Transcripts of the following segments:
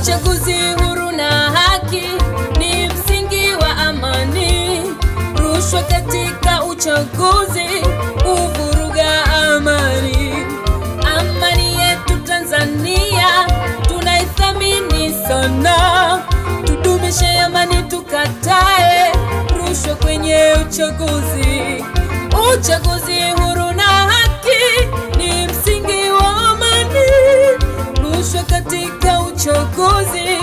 Uchaguzi huru na haki ni msingi wa amani. Rushwa katika uchaguzi huvuruga amani. Amani yetu Tanzania tunaithamini sana, tudumishe amani, tukatae rushwa kwenye uchaguzi. Uchaguzi huru uchokozi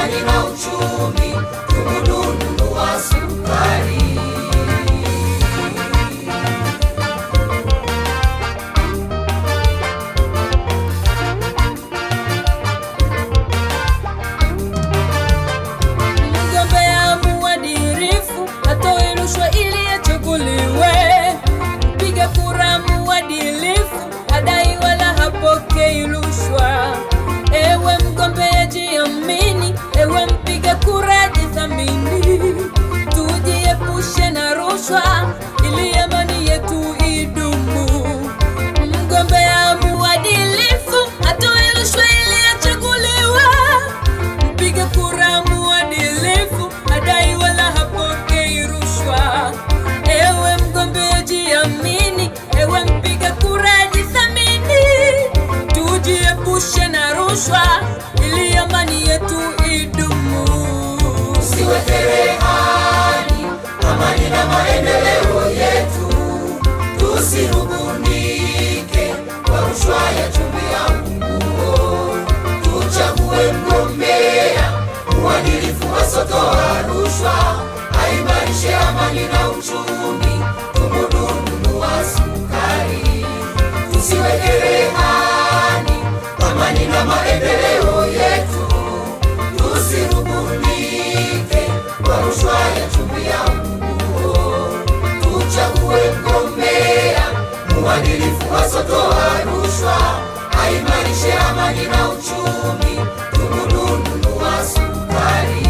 amani na uchumi. kuanzishwa ili amani yetu idumu. Mgombea muadilifu atoe rushwa ili achaguliwe. Mpige kura muadilifu, adai wala hapokei rushwa. Ewe mgombea jiamini, ewe mpiga kura jithamini, tujiepushe na rushwa. wasotoa rushwa, aimarishe amani na uchumi, tumudu wa sukari, amani na maendeleo yetu, tusirubunike kwa rushwa ya ya nguo, tuchague mgombea mwadilifu, rushwa, aimarishe amani na uchumi, wa sukari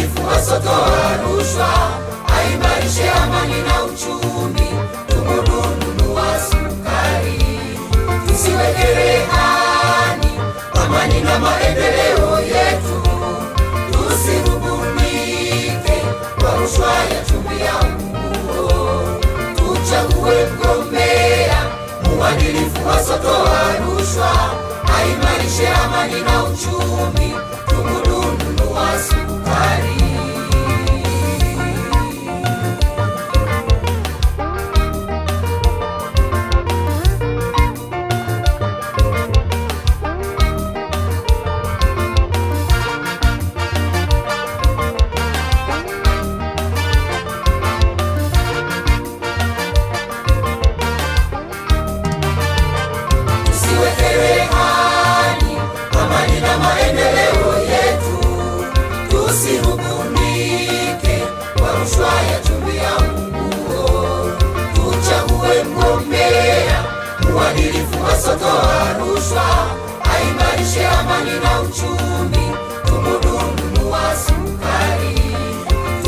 soko wasotoa rushwa, aimarishe amani na uchumi, tumudu nunua sukari, tusiwe gerehani, amani na maendeleo yetu, tusirubunike kwa rushwa ya chumvi ya nguo, tuchague mgombea soko wasotoa rushwa, aimarishe amani na uchumi, tumudu nunua sukari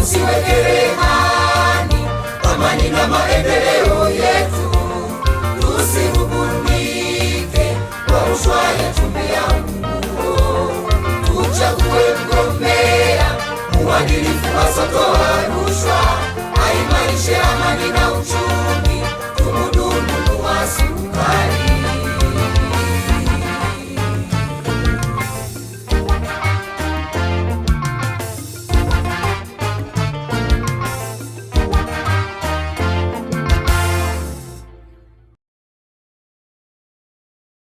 tusiwe kerehani, amani na maendeleo yetu tusihubunike kwa rushwa ya tume ya nguo. Tuchague mgombea muadilifu, asitoe rushwa, aimarishe amani